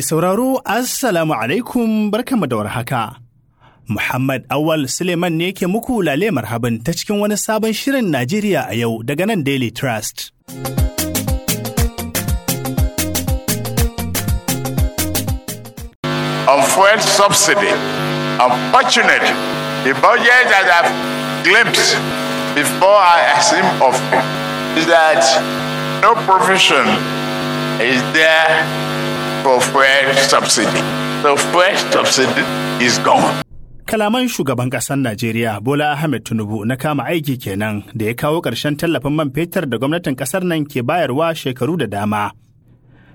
Mai sauraro, Assalamu alaikum barkanmu da warhaka. Muhammad Awal Suleiman ne ke muku lale marhaban ta cikin wani sabon shirin Najeriya a yau daga nan Daily Trust. On fuel subsidy, unfortunately, the budget that I've glimpsed before I assume of is that no provision is there for fresh subsidy. The fresh subsidy is gone. Kalaman shugaban ƙasar Najeriya Bola Ahmed Tinubu na kama aiki kenan da ya kawo ƙarshen tallafin man fetur da gwamnatin ƙasar nan ke bayarwa shekaru da dama.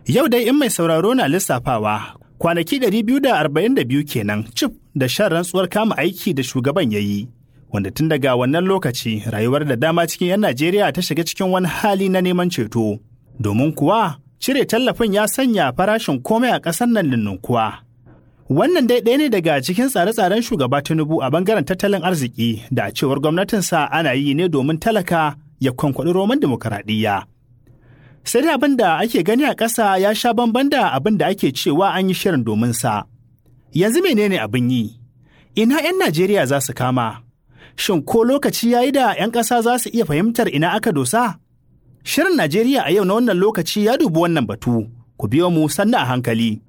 Yau dai in mai sauraro na lissafawa kwanaki 242 kenan cif da shan rantsuwar kama aiki da shugaban ya yi. Wanda tun daga wannan lokaci rayuwar da dama cikin 'yan Najeriya ta shiga cikin wani hali na neman ceto. Domin kuwa Cire tallafin ya sanya farashin komai a ƙasar nan ninninkuwa. Wannan dai ɗaya ne daga cikin tsare-tsaren shugaba Tinubu a bangaren tattalin arziki da cewar gwamnatinsa ana yi ne domin talaka ya kwankwaɗi roman demokaradiyya. Sai dai abin da ake gani a ƙasa ya sha bamban da abin da ake cewa an yi shirin domin sa. Yanzu menene abin yi? Ina 'yan Najeriya za su kama? Shin ko lokaci ya yi da 'yan ƙasa za su iya fahimtar ina aka dosa? Shirin Najeriya a yau na wannan lokaci ya dubi wannan batu, ku biyo mu sannu a hankali.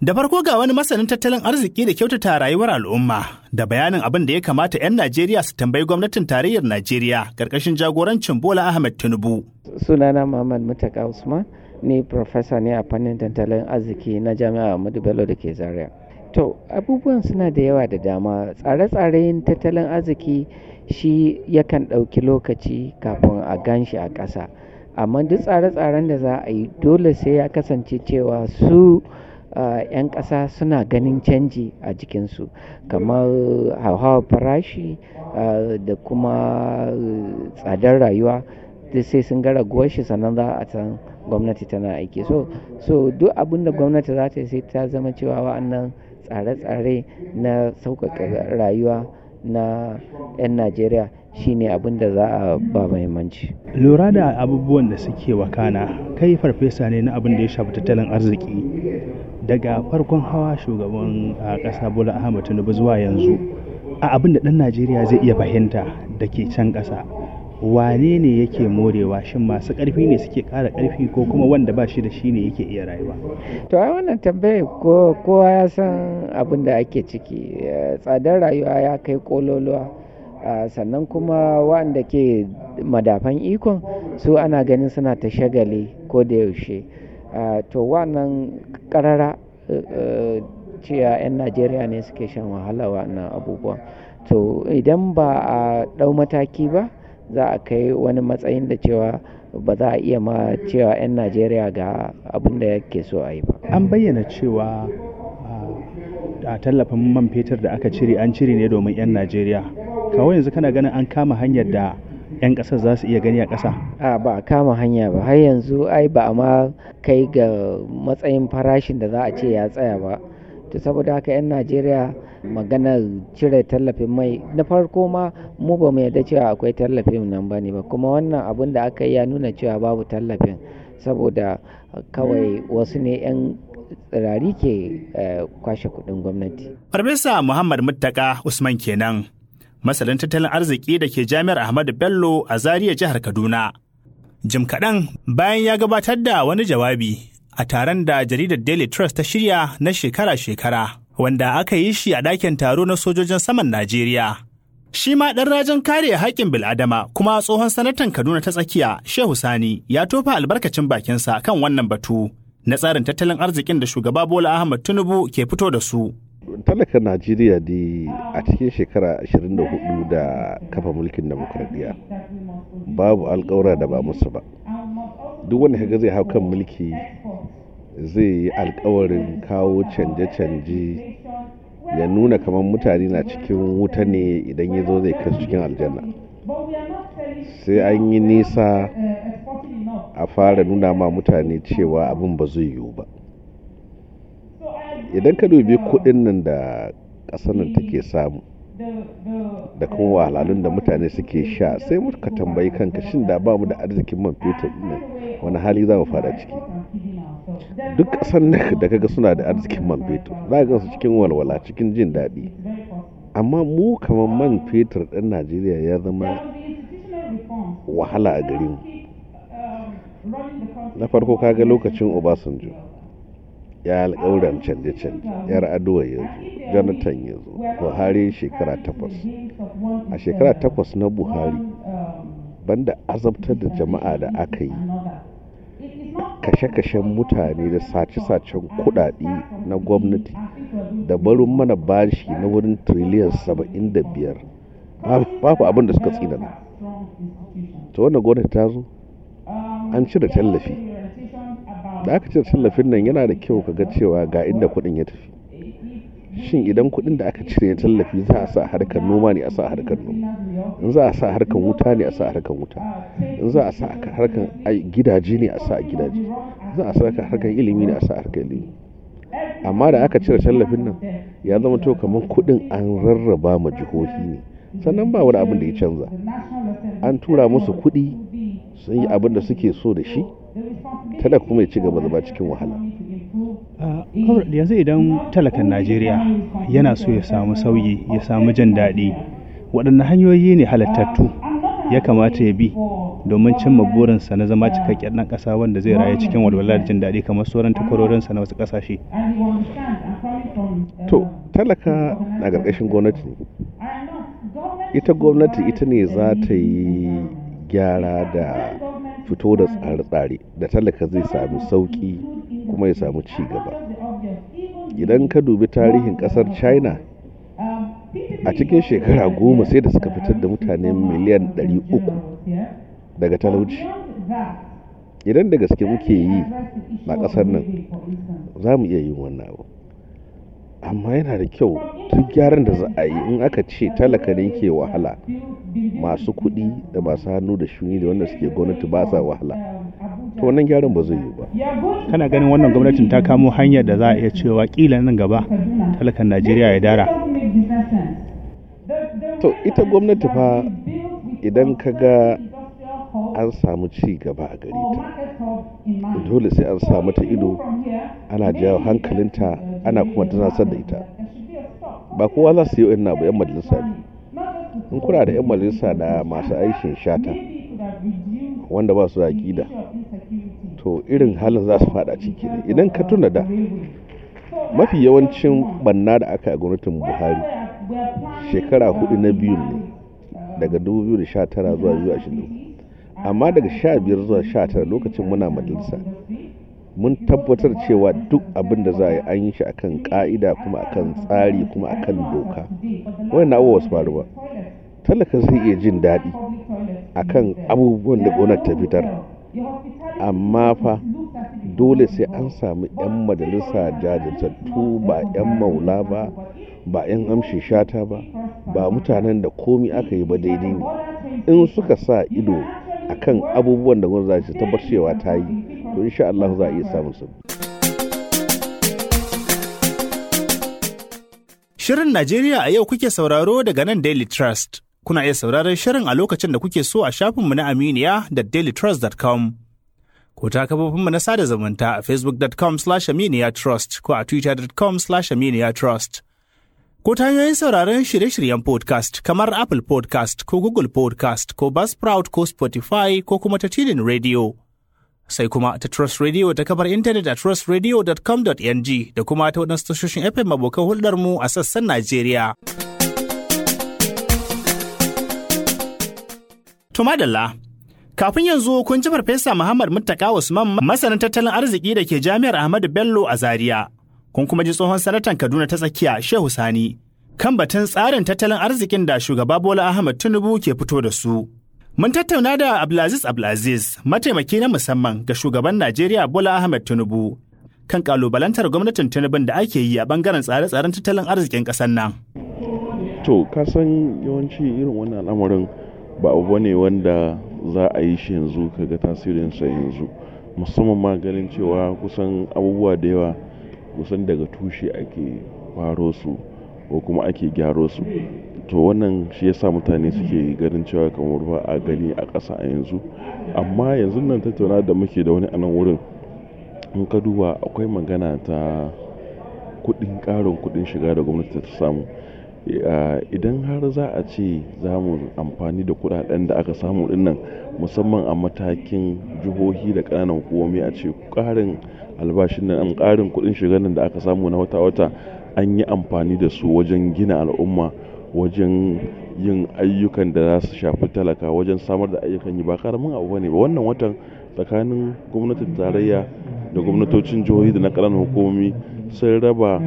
Da farko ga wani masanin tattalin arziki da kyautata rayuwar al'umma da bayanin abin da ya kamata 'yan Najeriya su tambayi gwamnatin tarayyar Najeriya ƙarƙashin jagorancin Bola Ahmed Tinubu. Sunana Muhammad Mutaka Usman ne profesa ne a fannin tattalin arziki na Jami'ar Ahmadu Bello da ke Zaria. To abubuwan suna da yawa da dama. Tsare-tsaren tattalin arziki shi yakan ɗauki lokaci kafin a gan shi a ƙasa. Amma duk tsare-tsaren da za a yi dole sai ya kasance cewa su ‘yan ƙasa suna ganin canji a jikinsu kamar hauhawar farashi da kuma tsadar rayuwa duk sai sun gara shi sannan za a san gwamnati tana aiki. So, duk abin gwamnati za ta yi sai ta zama cewa wa'annan tsare-tsare na sauƙaƙa rayuwa na 'yan najeriya shine abin da za a ba mahimmanci. lura da abubuwan da suke wakana kai farfesa ne na abin da ya shafi tattalin arziki daga farkon hawa shugaban ƙasa bola ahmad tinubu zuwa yanzu a abin da ɗan najeriya zai iya fahimta da ke can ƙasa wane ne yake morewa shin masu ƙarfi ne suke ƙara ƙarfi ko kuma wanda ba shi da shi ne yake iya rayuwa to ai wannan tambayar kowa ya san abin da ake ciki eh, tsadar rayuwa ya kai kololuwa ah, sannan kuma wanda ke madafan ikon su ana ganin suna ta shagali ko da yaushe ah, to wannan ƙarara eh, cewa 'yan najeriya ne suke shan wahala wannan abubuwa to idan ba a ɗau mataki ba za a kai wani matsayin da cewa ba za a iya ma cewa 'yan najeriya ga abin da yake so a yi ba an bayyana cewa ah, a tallafin man fetur da aka cire an cire ne domin 'yan najeriya kawai yanzu kana ganin an kama hanyar da 'yan ƙasar za su iya gani a ƙasa? a ba a kama hanya ba har yanzu ai ba a ma kai ga matsayin farashin da za a ce ya tsaya ba to saboda haka 'yan najeriya maganar cire tallafin mai na farko ma mu ba mu yarda cewa akwai tallafin nan ba ne ba kuma wannan abin da aka yi ya nuna cewa babu tallafin saboda kawai wasu ne 'yan tsirari ke eh, kwashe kudin gwamnati. Farfesa Muhammad Muttaka Usman kenan, masalin tattalin arziki da ke Jami'ar Ahmadu Bello a Zariya jihar Kaduna. Jim kaɗan bayan ya gabatar da wani jawabi a taron da jaridar Daily Trust ta shirya na shekara-shekara, wanda aka yi shi a ɗakin taro na sojojin saman Najeriya. Shi ma ɗan rajin kare haƙƙin bil'adama kuma tsohon sanatan Kaduna ta tsakiya Shehu Sani ya tofa albarkacin bakinsa kan wannan batu na tsarin tattalin arzikin da shugaba Bola Ahmad Tinubu ke fito da su. Talaka Najeriya da a cikin shekara 24 da kafa mulkin demokradiyya babu alƙawura da ba musu ba. Duk wanda zai hau kan mulki zai yi alkawarin kawo canje-canje ya nuna kamar mutane na cikin wuta ne idan ya zo zai kasu cikin aljanna sai an yi nisa a fara nuna ma mutane cewa abin ba zai yiwu ba idan ka dubi kudin nan da ƙasar nan take samu da kuma wahalhalun da mutane suke sha sai muka tambayi kanka shin da ba mu da arzikin man fetur ne wani hali za mu fada ciki duk ƙasar nan da kaga suna da arzikin man fetur za ka gansu cikin walwala cikin jin daɗi amma mu kamar man fetur ɗin najeriya ya zama wahala a garin na farko kaga lokacin obasanjo ya alƙawuran canje-canje yar adowa ya zo jonathan ya zo buhari shekara takwas a shekara takwas na buhari banda azabtar da jama'a da aka yi kashe-kashen mutane da sace-sacen kudade na gwamnati da barin mana bashi na wurin triliyan 75 babu abin da suka na ta wanda gwamnati ta zo an cire tallafi da aka cire tallafin nan yana da kyau ka ga cewa ga inda kudin ya tafi shin idan kudin da aka cire tallafi za a sa harkar noma ne a sa harkar noma in za a sa harkar wuta ne a sa harkar wuta in za a sa harkar gidaje ne a sa gidaje za a sa harkar ilimi ne a sa harkar ilimi amma da aka cire tallafin nan ya zama to kamar kudin an rarraba ma jihohi ne sannan ba wani abin da ya canza an tura musu kuɗi sun yi abin da suke so da shi tada kuma ya ci gaba zama cikin wahala yanzu idan talakan najeriya yana so ya samu sauyi ya samu jin daɗi waɗanne hanyoyi ne halittattu ya kamata ya bi domin cimma burinsa na zama cikakken ɗan ƙasa wanda zai rayu cikin walwala da jin daɗi kamar sauran takwarorinsa na wasu ƙasashe. To, talaka na ƙarƙashin gwamnati ne. Ita gwamnati ita ne za ta yi gyara da fito da tsare-tsare da talaka zai sami sauƙi kuma ya samu ci gaba. Idan ka dubi tarihin ƙasar China, a cikin shekara goma sai da suka fitar da mutane miliyan 300 daga talauci idan da gaske muke yi a ƙasar nan za mu iya yin wannan abu amma yana da kyau duk gyaran da za a yi in aka ce talaka ne ke wahala masu kuɗi da masu hannu da shuni da wanda suke gwamnati ba sa wahala to wannan gyaran ba zai yi ba kana ganin wannan gwamnatin ta kamo hanyar da za a iya cewa kila nan gaba talakan najeriya ya dara to ita gwamnati fa idan ka ga an samu ci gaba a gari ta dole sai an samu ta ido ana jawo hankalinta ana kuma tana da ita ba kowa za su yi wa'in na 'yan majalisa ne in kuna da 'yan majalisa da masu aikin shata wanda ba su da gida to irin halin za su fada ciki ne idan ka tuna da mafi yawancin banna da aka yi a gwamnatin buhari shekara hudu na biyu ne daga 2019 zuwa 2020 amma daga 15 zuwa 19 lokacin muna majalisa mun tabbatar cewa duk abin da za a yi an yi shi akan ka'ida kuma akan tsari kuma akan doka wani abubuwa su faru ba talaka zai iya jin daɗi akan abubuwan da gonar ta fitar amma fa dole sai an samu 'yan majalisa jajirtattu ba 'yan maula ba ba 'yan amshin shata ba ba mutanen da komi aka yi ba daidai ne in suka sa ido a kan abubuwan da gwamnati ta tabbar cewa ta yi to insha Allah za a iya samun su Shirin Najeriya a yau kuke sauraro daga nan Daily Trust. Kuna iya sauraron shirin a lokacin da kuke so a shafinmu na Aminiya da dailytrust.com. Ko ta kafofinmu na sada zumunta a facebook.com slash aminiya trust ko a twitter.com slash aminiya trust. ko ta hanyoyin sauraron shirye-shiryen podcast kamar Apple podcast ko Google podcast ko Buzzsprout ko Spotify ko kuma ta Tunin Radio. Sai kuma ta Trust Radio ta kabar intanet a trustradio.com.ng da kuma ta waɗansu tashoshin FM abokan hulɗarmu a sassan Najeriya. Tumadalla, kafin yanzu kun ji Farfesa Muhammad Muttaka Usman masanin tattalin arziki da ke Jami'ar Ahmadu Bello a Zaria. kun kuma ji tsohon sanatan Kaduna ta tsakiya Shehu Sani kan batun tsarin tattalin arzikin da shugaba Bola Ahmed Tinubu ke fito da su. Mun tattauna da Abdulaziz Abdulaziz mataimaki na musamman ga shugaban Najeriya Bola Ahmed Tinubu kan kalubalantar gwamnatin Tinubun da ake yi a bangaren tsare-tsaren tattalin arzikin ƙasar nan. To, ka san yawanci irin wannan al'amarin ba abu ne wanda za a yi shi yanzu kaga tasirinsa yanzu musamman ma ganin cewa kusan abubuwa da yawa kusan daga tushe ake faro su ko kuma ake gyaro su to wannan shi yasa mutane suke ganin cewa kamar ruwa a gani a ƙasa a yanzu amma yanzu nan tattauna da muke da wani anan wurin in ka duba akwai magana ta kuɗin ƙarin kuɗin shiga da gwamnati ta samu Eh, ah, idan har za a ce za mu amfani da kuɗaɗen da aka samu dinnan musamman a matakin jihohi da kananan hukumomi a ce ƙarin albashin nan, ƙarin kuɗin shiga nan da aka samu na wata-wata an yi amfani da su wajen gina al'umma, wajen yin ayyukan da za su shafi talaka, wajen samar da ayyukan yi. Ba ƙaramin abu ne ba. Wannan watan tsakanin gwamnatin tarayya da gwamnatocin jihohi da na ƙananan hukumomi sun raba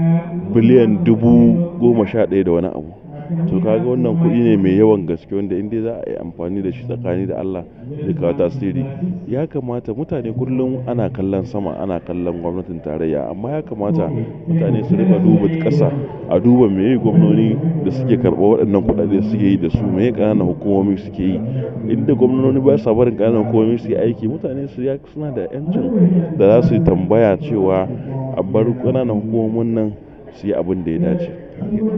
biliyan dubu goma sha ɗaya da wani abu to kaga wannan kuɗi ne mai yawan gaske wanda in za a yi amfani da shi tsakani da Allah zai kawo tasiri ya kamata mutane kullum ana kallon sama ana kallon gwamnatin tarayya amma ya kamata mutane su rika duba ƙasa a duba me gwamnoni da suke karɓa waɗannan kuɗaɗe suke yi da su me ƙananan hukumomi suke yi inda gwamnoni ba sa barin ƙananan hukumomi su yi aiki mutane su suna da 'yancin da za su yi tambaya cewa a bar ƙananan hukumomin nan su yi abin da ya dace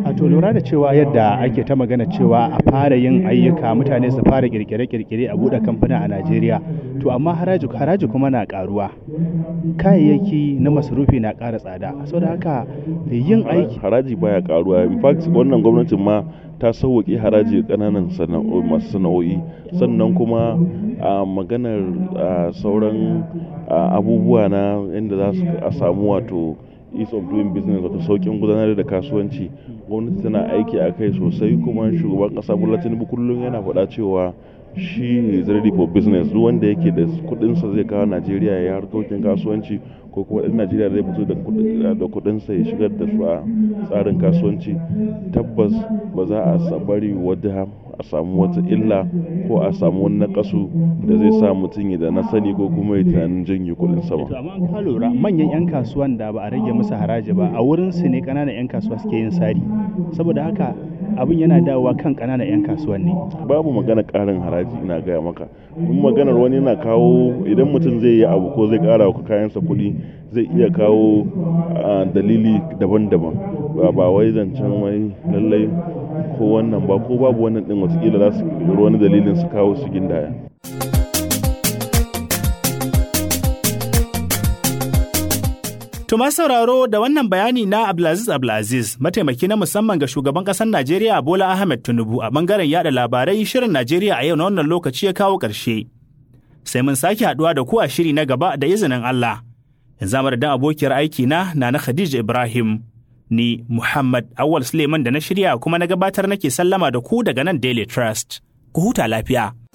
a to lura da cewa yadda ake ta magana cewa a fara yin ayyuka mutane su fara kirkire-kirkire a buɗe kamfuna a najeriya to amma haraji kuma na karuwa kayayyaki na masarufi na ƙara tsada saboda haka yin aiki haraji baya karuwa in fact wannan gwamnatin ma ta sauwaƙe haraji ƙananan masu sana'o'i sannan kuma a maganar sauran abubuwa na inda za su samu wato ease of doing business wata saukin gudanar da kasuwanci gwamnati tana aiki a kai sosai kuma shugaban ƙasa bola tinubu kullum yana faɗa cewa shi is ready for business duk wanda yake da kuɗinsa zai kawo najeriya ya harkokin kasuwanci ko kuma ɗan najeriya zai fito da kuɗinsa ya shigar da su a tsarin kasuwanci tabbas ba za a sabari wadda a samu wata illa ko a samu wani nakasu da zai sa mutum ya da na sani ko kuma ya tunanin janye kuɗin sama. To amma ka lura manyan 'yan kasuwan da ba a rage musu haraji ba a wurin su ne kananan 'yan kasuwa suke yin sari saboda haka abin yana dawowa kan kananan 'yan kasuwan ne. Babu magana karin haraji ina gaya maka. kuma maganar wani yana kawo idan mutum zai yi abu ko zai ƙara wa kayansa kuɗi zai iya kawo dalili daban-daban. Ba wai zancen wai lallai ko wannan ba ko babu wannan wasu watakila za su ƙirƙiri wani dalilin su kawo su gindaya. To sauraro da wannan bayani na Abdulaziz Abdulaziz mataimaki na musamman ga shugaban ƙasar Najeriya Bola Ahmed Tinubu a bangaren yada labarai shirin Najeriya a yau na wannan lokaci ya kawo ƙarshe. Sai mun sake haɗuwa da ku a shiri na gaba da izinin Allah. yanzu madadin abokiyar aiki na na Khadija Ibrahim ni Muhammad Awal Suleiman da na shirya kuma na gabatar nake sallama da ku daga nan Daily Trust ku huta lafiya